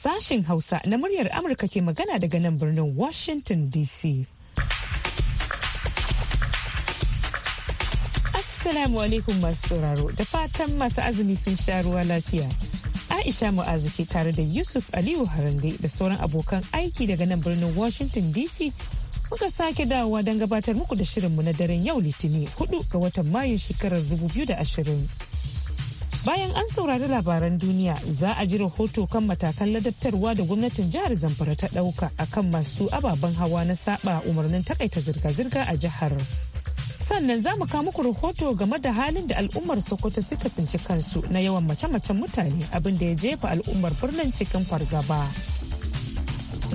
Sashen Hausa na muryar Amurka ke magana daga nan birnin Washington DC. Assalamu alaikum masu sauraro da fatan masu azumi sun sha ruwa lafiya. Aisha Mu'azu ce tare da Yusuf Aliyu Harange da sauran abokan aiki daga nan birnin Washington DC muka sake dawowa don gabatar muku da shirinmu na daren yau Litini 4 ga watan Mayu shekarar 2020. Bayan an saurari labaran duniya za a ji rahoto kan matakan ladabtarwa da gwamnatin jihar Zamfara ta ɗauka kan masu ababen hawa na saba umarnin takaita zirga-zirga a jihar. Sannan za mu kawo muku rahoto game da halin da al'ummar Sokoto suka tsinci kansu na yawan mace-macen mutane abin da ya jefa al'ummar birnin cikin fargaba.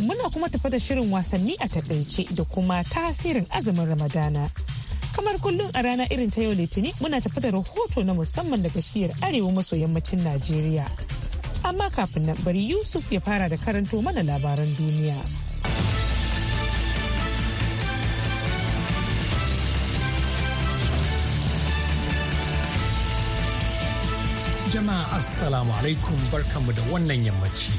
Muna kuma tafa da shirin wasanni a takaice da kuma tasirin azumin Ramadana. kamar kullum a rana irin ta yau litinin muna tafi da rahoto na musamman daga shiyar arewa maso yammacin najeriya amma kafin nan bari yusuf ya fara da karanto mana labaran duniya jama'a assalamu alaikum barkanmu da wannan yammaci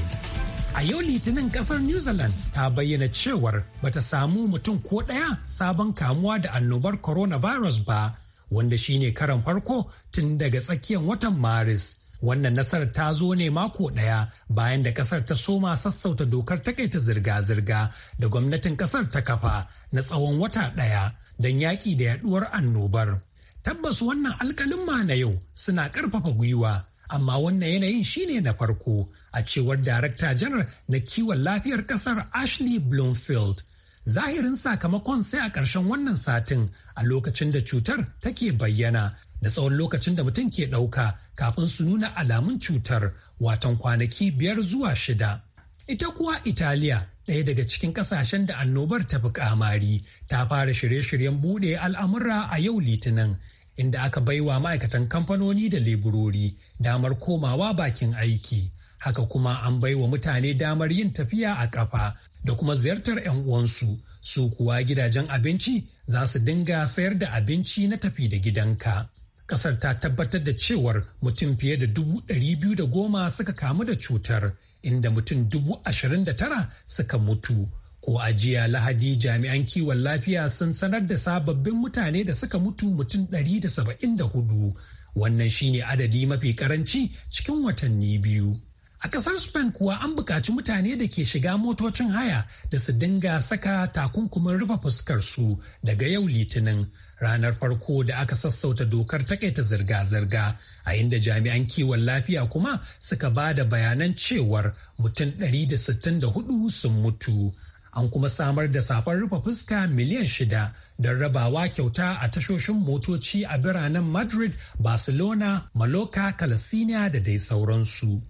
A yau Litinin kasar New Zealand ta bayyana cewar bata samu mutum ko ɗaya sabon kamuwa da annobar coronavirus ba, wanda shine karan farko tun daga tsakiyar watan Maris. Wannan nasarar ta zo ne mako ɗaya bayan da kasar ta soma sassauta dokar takaita zirga-zirga da gwamnatin kasar ta kafa na tsawon wata ɗaya don yaƙi da yaɗuwar annobar. Tabbas wannan alkalin ma na yau suna ƙarfafa gwiwa amma wannan yanayin shine na farko a cewar darakta janar na kiwon lafiyar kasar ashley bloomfield zahirin sakamakon sai a ƙarshen wannan satin a lokacin da cutar take bayyana da tsawon lokacin da mutum ke ɗauka kafin su nuna alamun cutar watan kwanaki biyar zuwa shida ita kuwa italiya ɗaya daga cikin ƙasashen da annobar ta fi kamari ta fara shirye-shiryen buɗe al'amura a yau litinin inda aka baiwa ma'aikatan kamfanoni da leburori damar komawa bakin aiki. Haka kuma an baiwa mutane damar yin tafiya a ƙafa da kuma ziyartar 'yan uwansu su kuwa gidajen abinci za su dinga sayar da abinci na tafi da gidanka. Ƙasar ta tabbatar da cewar mutum fiye da dubu ɗari biyu da goma suka kamu da cutar inda mutum dubu ashirin da tara suka mutu. Ko a jiya Lahadi jami'an kiwon lafiya sun sanar da sababbin mutane da suka mutu mutum 174 wannan shine adadi mafi karanci cikin watanni biyu. A kasar Spain kuwa an buƙaci mutane da ke shiga motocin haya da su dinga saka takunkumin rufe fuskar su. daga yau litinin ranar farko da aka sassauta dokar takaita zirga-zirga a inda jami'an kiwon lafiya kuma suka ba da bayanan cewar mutum 164 sun mutu. an kuma samar da safar rufe fuska miliyan shida don rabawa kyauta a tashoshin motoci a biranen madrid barcelona maloka kalasiniya da dai sauransu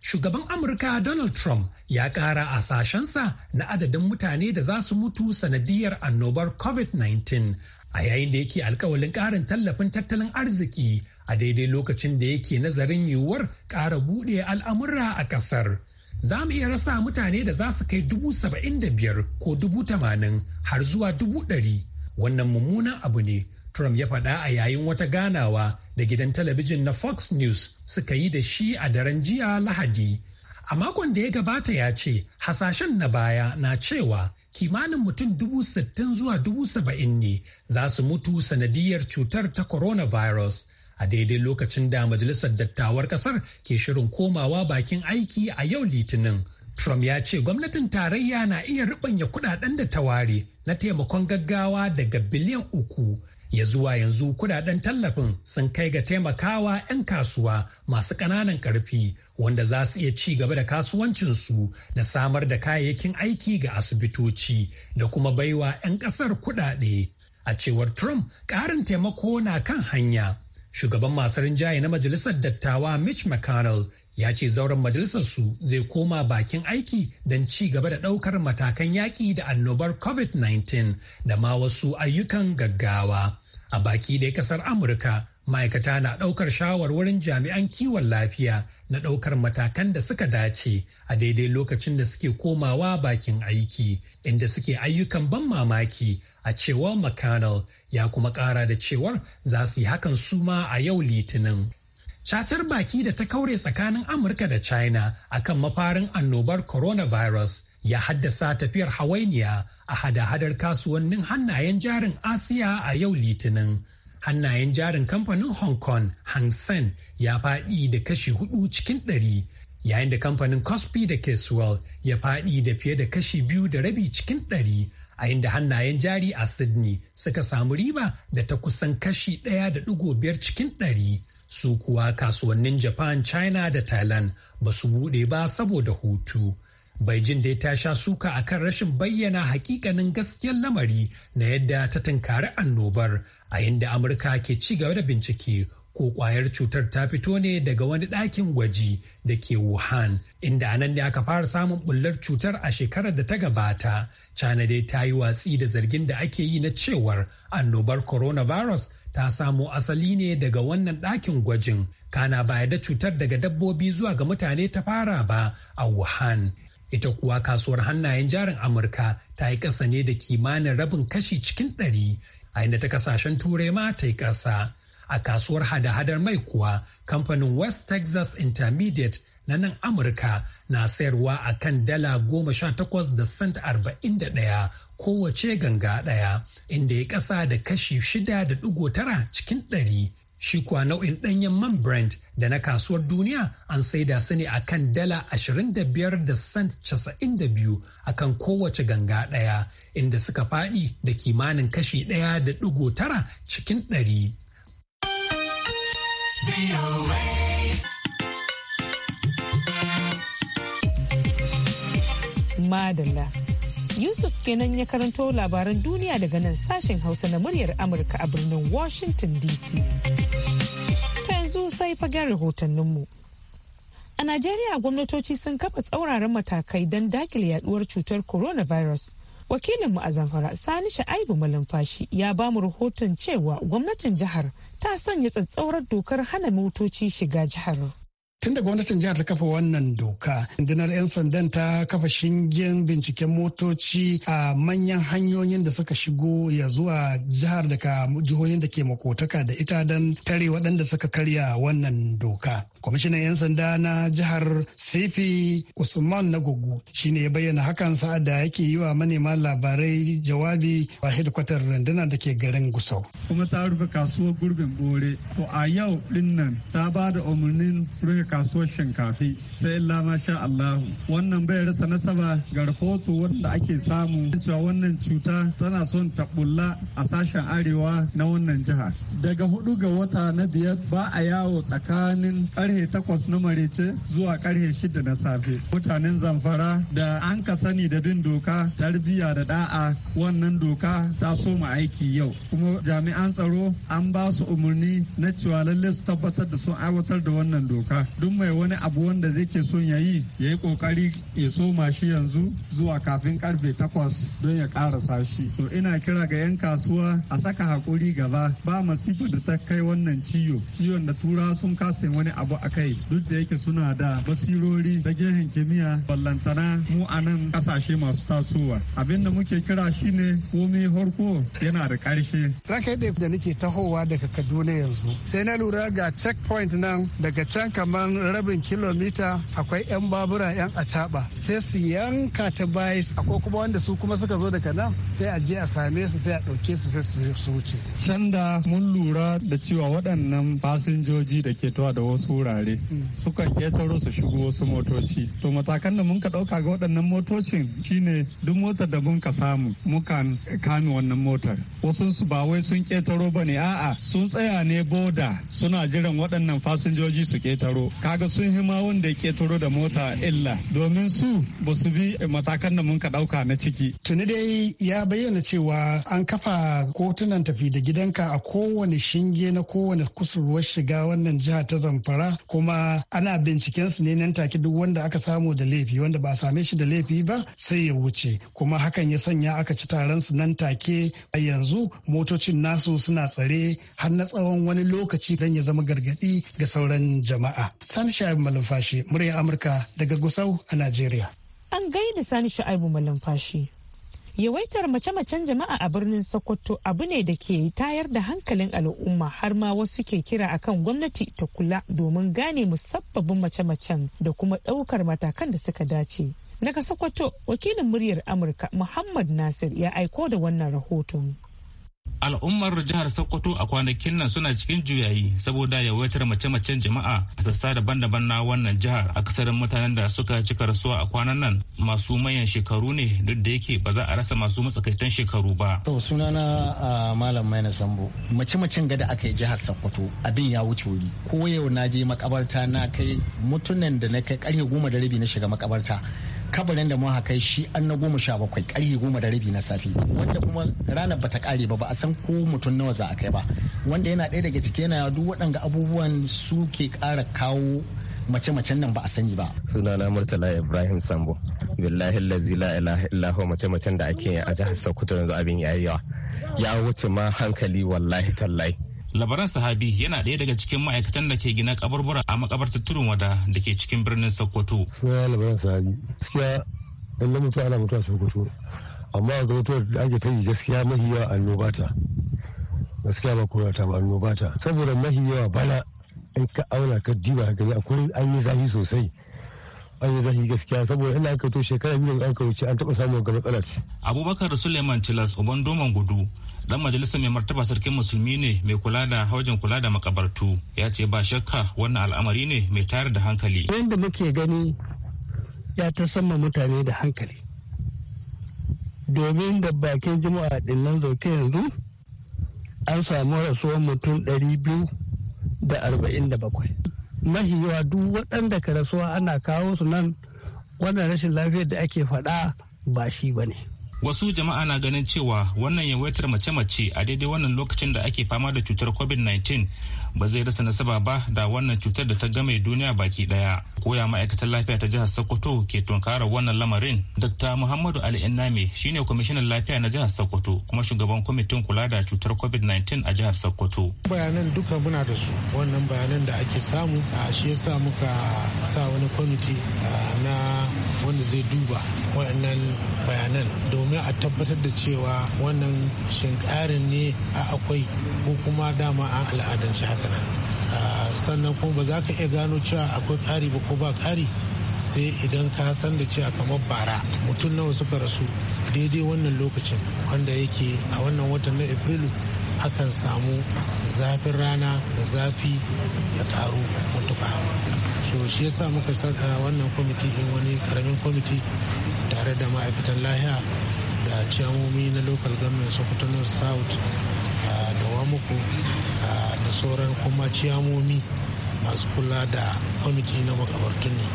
shugaban amurka donald trump ya kara a sashensa na adadin mutane da za su mutu sanadiyar annobar covid-19 a yayin da yake alkawalin karin tallafin tattalin arziki a daidai lokacin da yake nazarin yiwuwar kara buɗe al'amura a ƙasar. za mu iya rasa mutane da za su kai dubu saba'in da biyar ko dubu tamanin har zuwa dubu ɗari wannan mummunan abu ne trump ya faɗa a yayin wata ganawa da gidan talabijin na fox news suka yi da shi a daren jiya lahadi a makon da ya gabata ya ce hasashen na baya na cewa kimanin mutum dubu sittin zuwa dubu saba'in ne za su mutu sanadiyar cutar ta coronavirus a daidai lokacin da majalisar dattawar kasar ke shirin komawa bakin aiki a yau litinin trump ya ce gwamnatin tarayya na iya ribanya kudaden da ta na taimakon gaggawa daga biliyan uku ya zuwa yanzu kudaden tallafin sun kai ga taimakawa 'yan kasuwa masu ƙananan ƙarfi wanda za su iya ci gaba da kasuwancinsu da samar da kayayyakin aiki ga asibitoci da kuma baiwa 'yan ƙasar kudade a cewar trump ƙarin taimako na kan hanya Shugaban masu rinjaye na Majalisar Dattawa Mitch McConnell ya ce zauren majalisarsu zai koma bakin aiki don ci gaba da ɗaukar matakan yaƙi da annobar COVID-19 da ma wasu ayyukan gaggawa. A baki dai ƙasar Amurka, ma'aikata na ɗaukar shawarwarin jami'an kiwon lafiya na ɗaukar matakan da suka dace a daidai lokacin da suke komawa bakin aiki, inda suke ayyukan ban mamaki a cewar mcconnell ya kuma kara da cewar za su yi hakan suma a yau litinin cacar baki da ta kaure tsakanin amurka da china akan mafarin annobar coronavirus ya haddasa tafiyar hawainiya a hada-hadar kasuwannin hannayen jarin asiya a yau litinin hannayen jarin kamfanin hong kong hang seng ya faɗi da kashi hudu cikin ɗari yayin da kamfanin cosby da caswell ya faɗi da fiye da kashi biyu da rabi cikin ɗari a inda hannayen jari a Sydney suka samu riba da ta kusan kashi ɗaya da ɗigo biyar cikin ɗari. Su kuwa kasuwannin Japan, China da Thailand ba su buɗe ba saboda hutu. Beijing dai ta sha suka akan rashin bayyana hakikanin gaskiyar lamari na yadda ta tunkari annobar a inda Amurka ke ci gaba da bincike ko kwayar cutar ta fito ne daga wani ɗakin gwaji da ke Wuhan, inda anan ne aka fara samun bullar cutar a shekarar da ta gabata. China dai ta yi watsi da zargin da ake yi na cewar annobar coronavirus ta samo asali ne daga wannan ɗakin gwajin. Kana baya da cutar daga dabbobi zuwa ga mutane ta fara ba a Wuhan. ita kuwa kasuwar hannayen jarin amurka ta yi ƙasa ne da kimanin rabin kashi cikin ɗari a inda ta kasashen turai ma ta yi ƙasa a kasuwar hada-hadar mai kuwa kamfanin west texas intermediate na nan amurka na sayarwa a kan dala goma sha takwas da cent arba'in da ɗaya kowace ganga ɗaya inda ya ƙasa da kashi shida da tara cikin ɗari shi kuwa nau'in ɗanyen man brent da na kasuwar duniya an saida su ne a kan dala ashirin da cent a akan kowace ganga ɗaya inda suka faɗi da kimanin kashi ɗaya da ɗigo tara cikin ɗari. Madalla. Yusuf kenan ya karanto labaran duniya daga nan sashen Hausa na muryar Amurka a birnin Washington DC. Ta yanzu sai fagen rahotanninmu. A Najeriya gwamnatoci sun kafa tsauraran matakai don dakile yaduwar cutar coronavirus. Wakilinmu a Zamfara Sani Sha'aibu malamfashi ya ba mu rahoton cewa gwamnatin jihar ta sanya tsatsauran dokar hana motoci shiga jihar. tun da gwamnatin jihar ta kafa wannan doka rundunar 'yan sandan ta kafa shingen binciken motoci a manyan hanyoyin da suka shigo ya zuwa jihar daga jihohin da ke makotaka da ita don tare waɗanda suka karya wannan doka kwamishinan 'yan sanda na jihar sifi usman nagogo shine ya bayyana hakan sa'ad da yake yi wa manema labarai jawabi a hedkwatar rundunar da ke garin gusau kuma ta rufe kasuwar gurbin bore to a yau dinnan ta ba da umarnin rufe kasuwar shinkafi sai illa sha Allahu wannan bai rasa nasaba ga rahoto wanda ake samu cewa wannan cuta tana son taɓulla a sashen arewa na wannan jiha daga hudu ga wata na biyar ba a yawo tsakanin karhe takwas na marece zuwa karhe shida na safe mutanen zamfara da an ka sani da bin doka tarbiyya da da'a wannan doka ta so mu aiki yau kuma jami'an tsaro an ba su umarni na cewa lallai su tabbatar da sun aiwatar da wannan doka duk mai wani abu wanda zai ke son ya yi ya yi kokari ya soma shi yanzu zuwa kafin karfe takwas don ya karasa shi to ina kira ga 'yan kasuwa a saka hakuri gaba ba masifa da ta kai wannan ciyo ciyon da tura sun kasa wani abu a kai duk da yake suna da basirori da gehen kimiyya ballantana mu a nan kasashe masu tasowa abin da muke kira shi ne komai harko yana da karshe rakai da nake tahowa daga kaduna yanzu sai na lura ga checkpoint nan daga can kaman. rabin kilomita akwai 'yan babura 'yan ataba sai su yanka ta baya akwai kuma wanda su kuma suka zo daga nan sai a je a same su sai a ɗauke su sai su wuce. can da mun lura da cewa waɗannan fasinjoji da ke tawa da wasu wurare mm. sukan ketaro su shigo wasu motoci to matakan da mun ka ɗauka ga waɗannan motocin shine duk motar da mun ka samu mukan kame wannan motar wasu su ba wai sun ketaro bane a'a sun tsaya ne boda suna jiran waɗannan fasinjoji su ketaro kaga sun hima wanda ya ketaro da mota illa domin su ba su bi matakan da mun ka dauka na ciki tuni dai ya bayyana cewa an kafa kotunan tafi da gidanka a kowane shinge na kowane kusurwar shiga wannan jiha ta zamfara kuma ana binciken su ne nan take duk wanda aka samu da laifi wanda ba a same shi da laifi ba sai ya wuce kuma hakan ya sanya aka ci taron su nan take a yanzu motocin nasu suna tsare har na tsawon wani lokaci don ya zama gargadi ga sauran jama'a Sani Shaibu Malumfashi, murya Amurka daga Gusau a Najeriya. An gaida Sani Shaibu Malumfashi. Yawaitar mace-macen jama'a a birnin Sokoto abu ne da ke tayar da hankalin al'umma har ma wasu ke kira akan gwamnati ta kula domin gane musabbabin mace-macen da kuma ɗaukar matakan da suka dace. Daga Sokoto, wakilin muryar Amurka Muhammad Nasir ya aiko da wannan rahoton. al'ummar jihar sokoto a kwanakin nan suna cikin juyayi saboda yawaitar mace-macen jama'a a sassa daban-daban na wannan jihar akasarin mutanen da suka ci rasuwa a kwanan nan masu manyan shekaru ne duk da yake ba za a rasa masu matsakaitan shekaru ba to sunana a malam maina sambo mace-macen gada aka yi jihar sokoto abin ya wuce wuri ko yau na je makabarta na kai mutunan da na kai karfe goma da rabi na shiga makabarta kabarin da mun haka shi an na goma sha bakwai ƙarfe goma da rabi na safe wanda kuma ranar bata kare ba ba a san ko mutum nawa za a kai ba wanda yana ɗaya daga ciki yana duk waɗanda abubuwan su ke kara kawo mace-macen nan ba a sani ba. Sunana Murtala Ibrahim Sambo. Billahi lazi la ilaha illahu mace-macen da ake a jihar Sokoto yanzu abin yayi yawa. Ya wuce ma hankali wallahi tallahi. labaran sahabi yana ɗaya daga cikin ma'aikatan da ke gina kaburbura a makabartar turun wada da ke cikin birnin sokoto suna labaran sahabi gaskiya in mutu ana mutuwa sokoto amma ga mutuwa da ake ta yi gaskiya mahi yawa annoba ta gaskiya ba kowa ta ba annoba ta saboda mahi yawa bana in ka auna ka diba ka gani akwai an yi zafi sosai an yi zahi gaskiya saboda ina aka to shekara biyu an wuce an taɓa samu ga matsalar. abubakar suleiman tilas uban doman gudu dan majalisar mai martaba sarkin musulmi ne mai kula da hawajin kula da makabartu ya ce ba shakka wannan al'amari ne mai tayar da hankali da muke gani ya ta sama mutane da hankali domin da bakin jima'a dinnan zauke yanzu an samu rasuwar mutum ɗari biyu da arba'in da bakwai mafi yawa duk waɗanda ka rasuwa ana kawo su nan wannan rashin lafiyar da ake faɗa ba shi ba ne. Wasu jama'a na ganin cewa wannan yawaitar mace-mace a daidai wannan lokacin da ake fama da cutar COVID-19 ba zai rasa nasaba ba da wannan cutar da ta game duniya baki daya koya ma'aikatar lafiya ta jihar sokoto ke tunkarar wannan lamarin dr muhammadu ali inname shine kwamishinan lafiya na jihar sokoto kuma shugaban kwamitin kula da cutar covid-19 a jihar sokoto bayanan duka muna da su wannan bayanan da ake samu a shi yasa muka sa wani kwamiti na wanda zai duba wayannan bayanan domin a tabbatar da cewa wannan shinkarin ne a akwai ko kuma dama an al'adance haka nan ah, sannan kuma ba za ka iya gano cewa akwai kari ba ko ba kari sai idan ka san da cewa kamar bara mutum nawa suka rasu daidai wannan lokacin wanda yake a wannan watan na afrilu akan samu zafin rana da zafi ya karu mutuka so shi yasa muka saka wannan kwamiti in wani karamin kwamiti tare da ma'aikatan lahiya da ciyamomi na local government sokoto north south da wamuku da sauran kuma ciyamomi masu kula da kwamiti na makabartun ne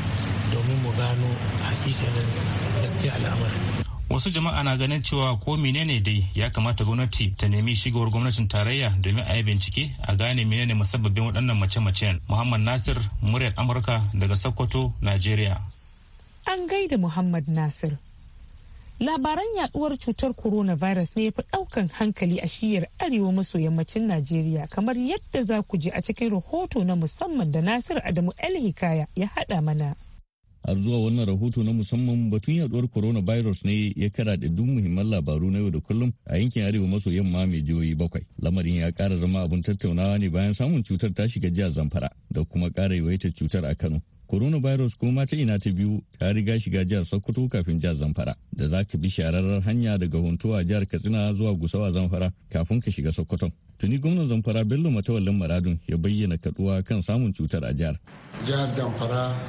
domin mu gano hakikanin gaske al'amarin wasu jama'a na ganin cewa ko menene dai ya kamata gwamnati ta nemi shigowar gwamnatin tarayya domin a yi bincike a gane menene musabbabin waɗannan mace-macen muhammad nasir muryar amurka daga sokoto nigeria an gaida muhammad nasir labaran yaduwar cutar coronavirus ne ya fi daukan hankali a shiyar arewa maso yammacin najeriya kamar yadda za ku ji a cikin rahoto na musamman da Nasir adamu el hikaya ya hada mana har zuwa wannan rahoto na musamman batun yaduwar coronavirus ne ya kara da duk muhimman labaru na yau da kullum a yankin arewa maso yamma mai jihohi bakwai lamarin ya kara zama abin tattaunawa ne bayan samun cutar ta shiga jihar zamfara da kuma kara yawaitar cutar a kano coronavirus kuma ta ina ta biyu ta riga shiga jihar sokoto kafin jihar zamfara da za ka bi shararrar hanya daga a jihar katsina zuwa gusawa zamfara kafin ka shiga sokoton tuni gwamnan zamfara bello matawallin maradun ya bayyana kaduwa kan samun cutar a jihar jihar zamfara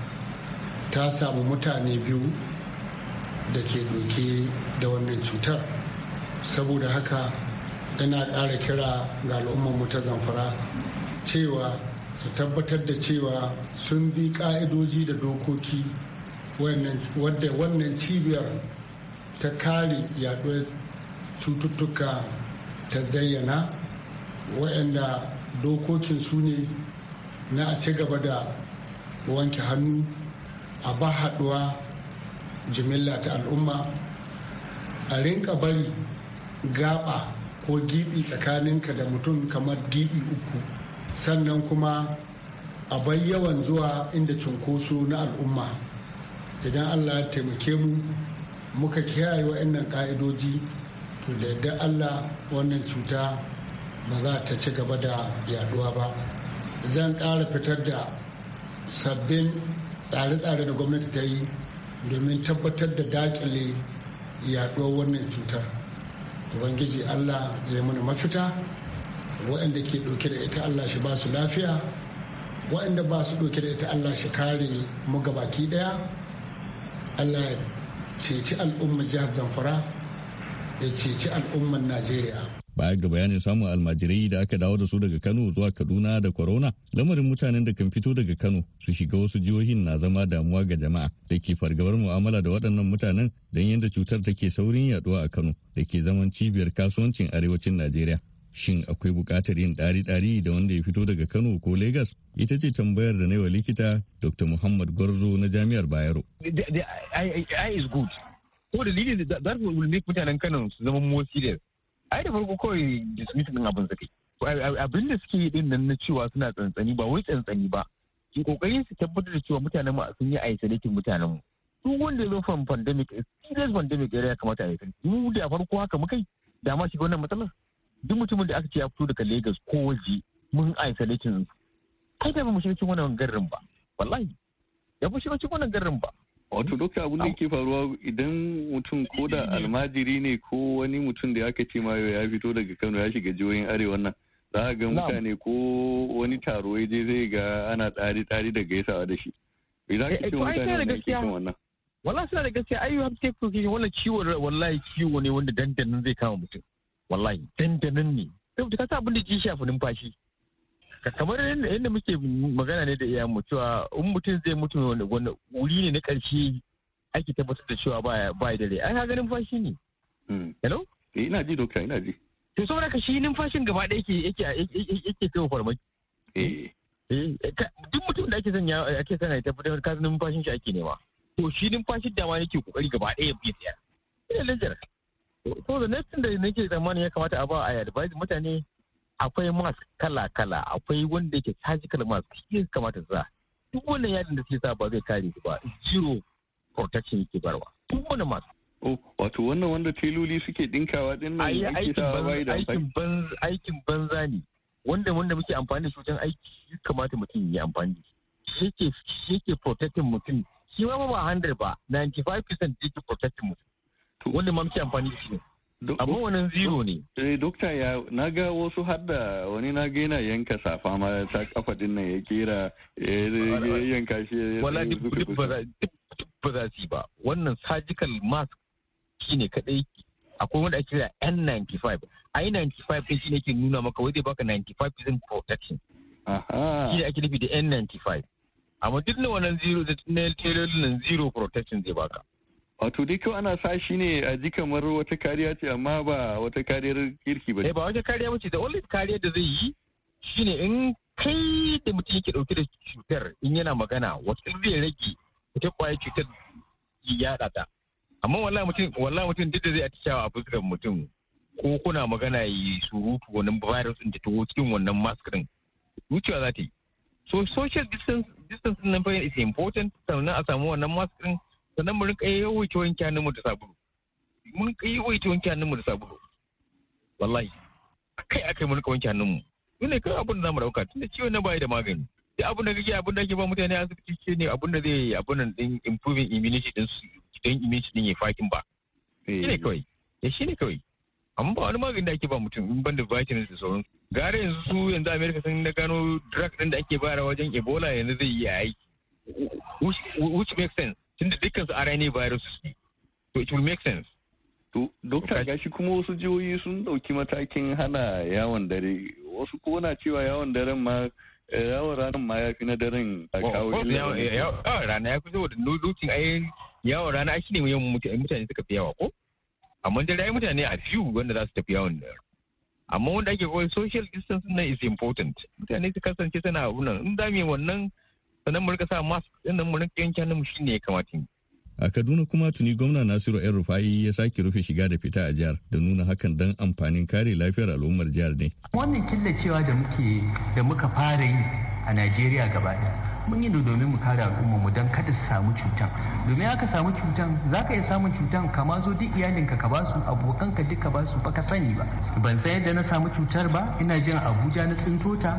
ta samu mutane biyu da ke doke da wannan cutar saboda haka yana ƙara kira ga al'ummarmu ta zamfara cewa su tabbatar da cewa sun bi ƙa'idoji da dokoki wadda wannan cibiyar ta kare yaɗuwar cututtuka ta zayyana waɗanda dokokin su ne na a ci gaba da wanke hannu a ba haɗuwa jimilla ta al'umma a rinka bari gaɓa ko gibi tsakaninka da mutum kamar gibi uku sannan kuma a bai yawan zuwa inda cunkoso na al'umma idan allah ya taimake mu muka kiyaye wa'annan ka'idoji to da yadda allah wannan cuta ba za ta ci gaba da yaduwa ba zan ƙara fitar da sabbin tsare-tsare da gwamnati ta yi domin tabbatar da dakile yaduwar wannan cutar ubangiji allah ya mana mafita waɗanda ke ɗauke da ita allah shi ba su lafiya waɗanda ba su ɗauke da ita allah shi kare mu gabaki ɗaya allah ya ceci al'ummar jihar zamfara ya ceci al'ummar najeriya baya ga bayanin samun almajirai da aka dawo da su daga kano zuwa kaduna da corona lamarin mutanen da kan fito daga kano su shiga wasu jihohin na zama damuwa ga jama'a da ke fargabar mu'amala da waɗannan mutanen don yadda cutar take saurin yaduwa a kano da ke zaman cibiyar kasuwancin arewacin najeriya shin akwai buƙatar yin ɗari-ɗari da wanda ya fito daga kano ko lagos ita ce tambayar da na likita dr muhammad gwarzo na jami'ar bayero i is good ko da da will make mutanen kano su zama more serious ai da farko kawai dismiss din abin suke abin da suke yi din nan na cewa suna tsantsani ba wai tsantsani ba ki kokarin su tabbatar da cewa mutanen mu sun yi isolating mutanen mu duk wanda ya zo from pandemic serious pandemic ya kamata a yi mu da farko haka mu kai. da ma shiga wannan matsalar duk mutumin da aka ce ya fito daga Lagos ko waje mun isolating kai da ba mu shiga cikin wannan garin ba wallahi da mu shiga cikin wannan garin ba wato duka abin da ke faruwa idan mutum ko da almajiri ne ko wani mutum da aka ce mayo ya fito daga kano ya shiga jihohin arewa nan za a ga mutane ko wani taro ya je zai ga ana tsari tsari da gaisawa da shi idan ka ce eh, mutane wannan kishin wannan wala suna da gaskiya ai har take kuke wannan ciwon wallahi ciwo ne wanda dandanin zai kama mutum wallahi dandanin ne sai ka sa abin da ke shafi numfashi kamar yadda muke magana ne da iyayen cewa in mutum zai mutu wani wuri ne na ƙarshe ake tabbatar da cewa ba ya dare ai ka ganin fashi ne hello ina ji doka, ina ji to saboda ka shi numfashin gaba da yake yake yake kai farmaki eh duk mutum da ake sanya ake sana ta fitar ka numfashin shi ake nema to shi numfashin dama yake kokari gaba daya bai tsaya ina lajar to da next da nake tsammanin ya kamata a ba a advise mutane akwai mask kala-kala akwai wanda yake surgical mask shi kamata sa duk wannan yadin da suke sa ba zai kare ba zero protection yake barwa duk wannan mask Oh, wato wannan wanda teloli suke dinkawa din nan aikin banza aikin banza ne wanda wanda muke amfani da shi aiki shi kamata mutum ya amfani da shi yake shi yake protecting mutum shi ma ba 100 ba 95% yake protecting mutum to wanda ma muke amfani da shi ne amma wannan zero ne eh dokta ya na ga wasu hadda wani na ga yana yanka safa ma ta kafa din nan ya kera ya yanka shi wala duk ba za su ba wannan surgical mask shine kadai akwai wanda ake kira N95 I95 din ne ke nuna maka wai zai baka 95% protection shi ne ake nufi da N95 amma duk na wannan zero na telolin zero protection zai baka Wato dai kawai ana sa shi ne a ji kamar wata kariya ce amma ba wata kariyar kirki ba. Eh, ba wata kariya bace da only kariyar da zai yi shine in kai da mutum yake dauke da cutar in yana magana wata zai rage ita kwaya cutar yada ta. Amma wallahi mutum wallahi mutum duk da zai atishawa a fuskar mutum ko kuna magana yi surutu wannan virus din ta taho cikin wannan mask din. Wucewa za ta yi. So social distance distance nan fa is important sannan a samu wannan mask din sannan mu rinka yawaita wanke hannunmu da sabulu mun yi yawaita wanke hannunmu da sabulu wallahi akai akai mu rinka wanke hannunmu mun ne kai abun da zamu dauka tunda ciwon na bai da magani duk abun da kake abun da ake ba mutane asibiti ce ne abun da zai abun nan din improving immunity din su don immunity din ya fakin ba shi ne eh. kawai ya eh, shi ne kawai amma ba wani magani da ake ba mutum in banda vitamins da sauran gare yanzu su yanzu america sun na gano drug din da ake bayarwa wajen ebola yanzu zai yi aiki which makes sense tunda dukkan su RNA virus ne to it will make sense To Dokta gashi kuma wasu jihohi sun dauki matakin hana yawon dare wasu ko na cewa yawon daren ma eh, yawon ranar ma ya fi na daren oh, kawo eh, yawon rana ya fi saboda lokacin ai yawon rana ai shine yawan mutane suka fi yawa ko amma dare ai mutane a few wanda za su tafi yawon dare amma wanda ake kawai social distance na is important mutane su kasance suna abunan in za mu wannan sannan mu rika sa mask sannan mu rika yanke hannun mu shine ya kamata a kaduna kuma tuni gwamna nasiru yan rufa'i ya sake rufe shiga da fita a jihar da nuna hakan don amfanin kare lafiyar al'ummar jihar ne wannan killacewa da muke da muka fara yi a najeriya gaba ɗaya mun yi domin mu kare al'ummar mu don kada su samu cutan domin aka samu cutan za ka iya samun cutan ka ma zo duk iyalinka ka ba su abokanka duk ka ba su ba ka sani ba ban san yadda na samu cutar ba ina jin abuja na tsintota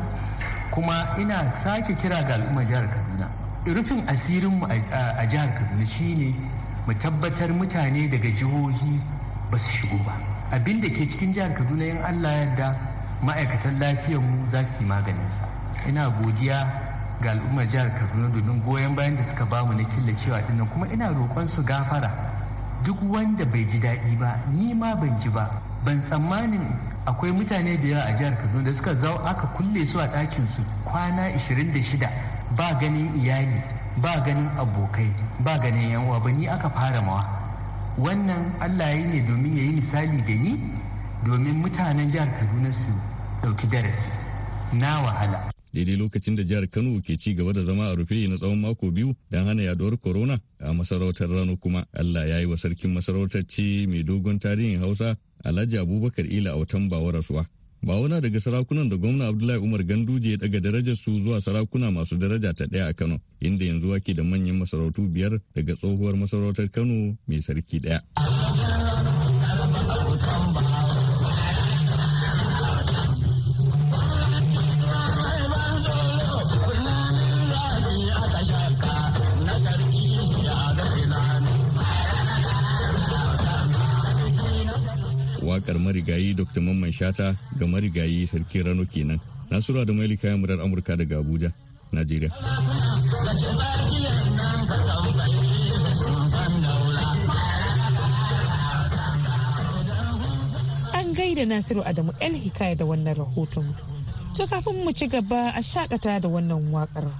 kuma ina sake kira ga al'ummar jihar kaduna rufin asirinmu a jihar kaduna shine mu tabbatar mutane daga jihohi ba su shigo ba abin da ke cikin jihar kaduna yin allah yadda ma'aikatan lafiyarmu za su yi maganinsa ina godiya ga al'ummar jihar kaduna domin goyon bayan da suka bamu na killacewa dinnan kuma ina roƙon su gafara duk wanda bai ji daɗi ba ni ma ban ji ba ban tsammanin akwai mutane da yawa a jihar kaduna da suka zau aka kulle su a ɗakin su kwana 26 ba ganin iyali ba ganin abokai ba ganin yan uwa ba ni aka fara mawa wannan allah ya yi ne domin ya yi misali da ni domin mutanen jihar kaduna su ɗauki darasi na wahala daidai lokacin da jihar Kano ke ci gaba da zama a rufe na tsawon mako biyu don hana yaduwar corona a masarautar Rano kuma Allah ya yi wa sarkin masarautar ce mai dogon tarihin Hausa Alhaji Abubakar Ila Autan Bawa rasuwa. ba na daga sarakunan da gwamna Abdullahi Umar Ganduje ya daga darajar su zuwa sarakuna masu daraja ta ɗaya a Kano inda yanzu ake da manyan masarautu biyar daga tsohuwar masarautar Kano mai sarki ɗaya. wakar marigayi dr mamman shata ga marigayi sarki rano kenan nasura da mailika kayan murar amurka daga abuja najeriya an gaida nasiru adamu el hikaya da wannan rahoton to kafin mu ci gaba a shakata da wannan waƙar.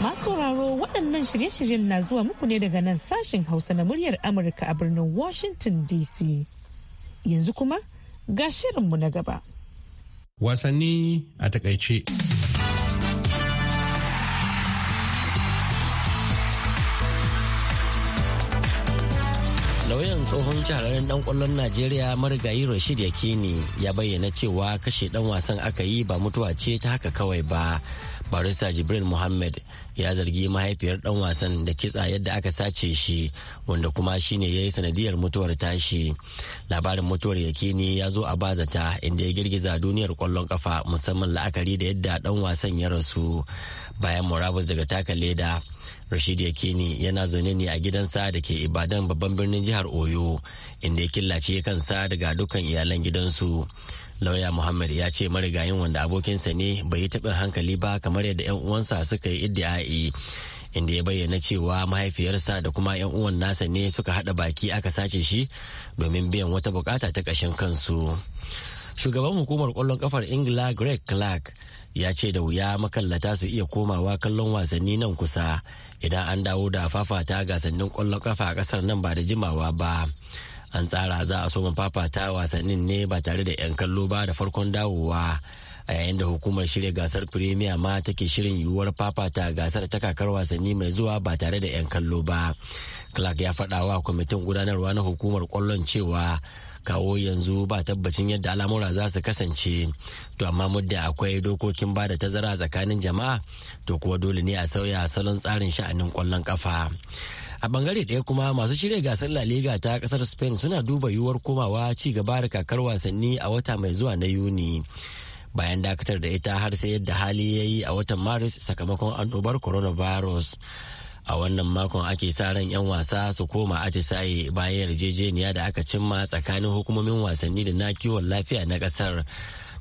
Masu sauraro waɗannan shirye-shiryen na zuwa muku ne daga nan sashen Hausa na muryar Amurka a birnin Washington DC. Yanzu kuma ga shirinmu na gaba. Wasanni a takaice. lauyan tsohon shahararren dan kwallon najeriya marigayi rashid yakini ya bayyana cewa kashe dan wasan aka yi ba mutuwa ce ta haka kawai ba barista jibril muhammad ya zargi mahaifiyar dan wasan da kitsa yadda aka sace shi wanda kuma shine ya yi sanadiyar mutuwar tashi labarin mutuwar yakini ya zo a bazata inda ya girgiza duniyar kwallon kafa musamman la'akari da yadda dan wasan ya rasu bayan murabus daga taka leda Rashid Yakini yana zaune ne a gidan sa da ke Ibadan babban birnin jihar Oyo inda ya killace kansa daga dukkan iyalan gidansu. Lauya Muhammad ya ce marigayin wanda abokinsa ne bai yi taɓin hankali ba kamar yadda 'yan uwansa suka yi iddi'a'i. inda ya bayyana cewa mahaifiyarsa da kuma 'yan uwan nasa ne suka haɗa baki aka sace shi domin biyan wata bukata ta ƙashin kansu. shugaban hukumar kwallon kafar ingila greg clark ya ce da wuya makallata su iya komawa kallon wasanni nan kusa idan an dawo da fafata gasannin kwallon kafa a kasar nan ba da jimawa ba an tsara za a soma fafata wasannin ne ba tare da 'yan kallo ba da farkon dawowa a yayin da hukumar shirya gasar premier ma take shirin yiwuwar fafata gasar ta kakar wasanni mai zuwa ba tare da 'yan kallo ba clark ya faɗa wa kwamitin gudanarwa na hukumar kwallon cewa kawo yanzu ba tabbacin yadda al'amura za su kasance to amma mudda akwai dokokin ba da tazara tsakanin jama'a to kuwa dole ne a sauya salon tsarin sha'anin kwallon kafa a bangare ɗaya kuma masu shirya gasar la liga ta ƙasar spain suna duba yiwuwar komawa ci gaba da kakar wasanni a wata mai zuwa na yuni bayan dakatar da ita har sai yadda hali ya yi a watan maris sakamakon annobar coronavirus a wannan makon ake sa ran 'yan wasa su koma atisaye bayan yarjejeniya da aka cimma tsakanin hukumomin wasanni da na kiwon lafiya na kasar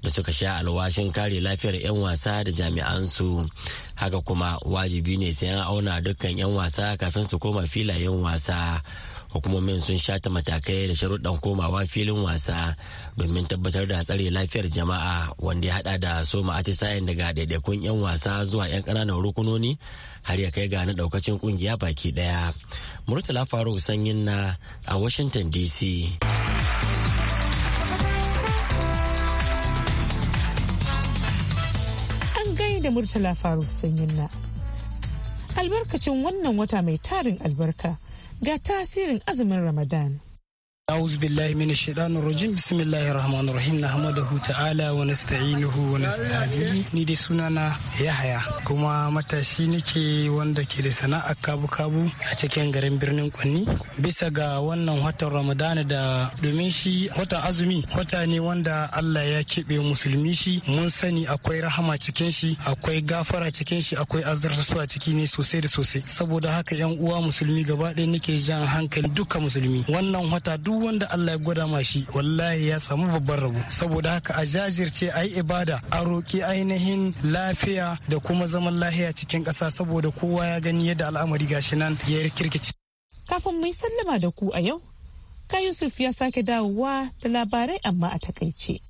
da suka sha alwashin kare lafiyar 'yan wasa da jami'ansu haka kuma wajibi ne sai auna dukkan 'yan wasa kafin su koma filayen wasa hukumomin sun shata matakai da sharuɗan komawa filin wasa domin tabbatar da tsare lafiyar jama'a wanda ya hada da soma atisayen daga daidaikun 'yan wasa zuwa 'yan ƙananan rukunoni har ya kai ga na ɗaukacin ƙungiya baki ɗaya murtala faruk sanyin na a washington dc da Murtala Faruk Sanyin na. Albarkacin wannan wata mai tarin albarka ga tasirin azumin Ramadan. أعوذ بالله من الشيطان الرجيم بسم الله الرحمن الرحيم نحمده تعالى ونستعينه ونستهديه ni dai sunana Yahaya kuma matashi nake wanda ke da sana'a kabu-kabu a cikin garin birnin Kwanni bisa ga wannan watan Ramadana da domin shi azumi wata ne wanda Allah ya keɓe musulmi shi mun sani akwai rahama cikin shi akwai gafara cikin shi akwai su a ciki ne sosai da sosai saboda haka yan uwa musulmi gaba ɗaya nake jan hankali duka musulmi wannan wata duk duk wanda Allah ya gwada ma shi wallahi ya samu babban rabo saboda haka a jajirce a yi ibada a roƙi ainihin lafiya da kuma zaman lahiya cikin ƙasa saboda kowa ya gani yadda al'amari gashi nan ya yi kirkici Kafin yi sallama da ku a yau, ka Yusuf ya sake dawowa da labarai amma a takaice.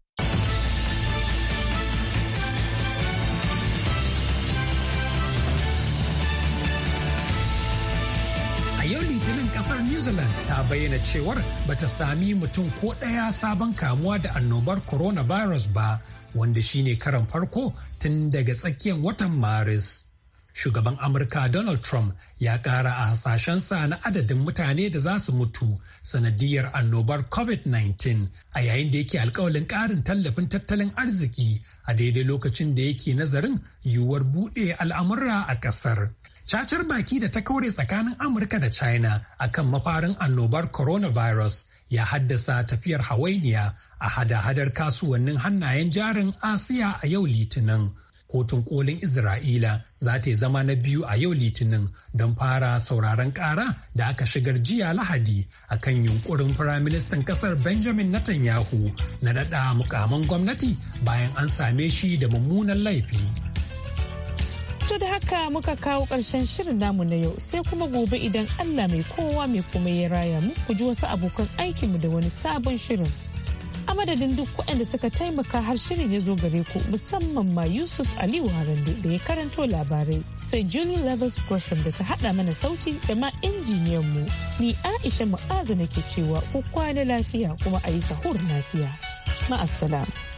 kasar new zealand ta bayyana cewar bata sami mutum ko ɗaya sabon kamuwa da annobar coronavirus ba wanda shine karan farko tun daga tsakiyar watan maris shugaban amurka donald trump ya kara a hasashensa na adadin mutane da za su mutu sanadiyar annobar covid-19 a yayin da yake alkawalin karin tallafin tattalin arziki a daidai lokacin da yake nazarin yiwuwar buɗe al'amurra a ƙasar Cacar baki da ta kaure tsakanin Amurka da China akan mafarin annobar coronavirus ya haddasa tafiyar hawainiya a hada-hadar kasuwannin hannayen jarin Asiya a yau Litinin. Kotun kolin Isra'ila za ta zama na biyu a yau Litinin don fara sauraron ƙara da aka shigar jiya Lahadi a kan yunkurin Firaministan ƙasar Benjamin Netanyahu na dada mukaman gwamnati bayan an same shi da mummunan laifi. To da haka muka kawo ƙarshen shirin namu na yau sai kuma gobe idan Allah mai kowa mai kuma ya raya mu ku ji wasu abokan aikinmu da wani sabon shirin. A madadin duk waɗanda suka taimaka har shirin ya zo gare ku musamman ma Yusuf Aliyu Harande da ya karanto labarai sai Julie Levels Gresham da ta haɗa mana sauti da ma injiniyan mu ni Aisha Mu'azu nake cewa ku kwana lafiya kuma a yi sahur lafiya. Ma'assalam.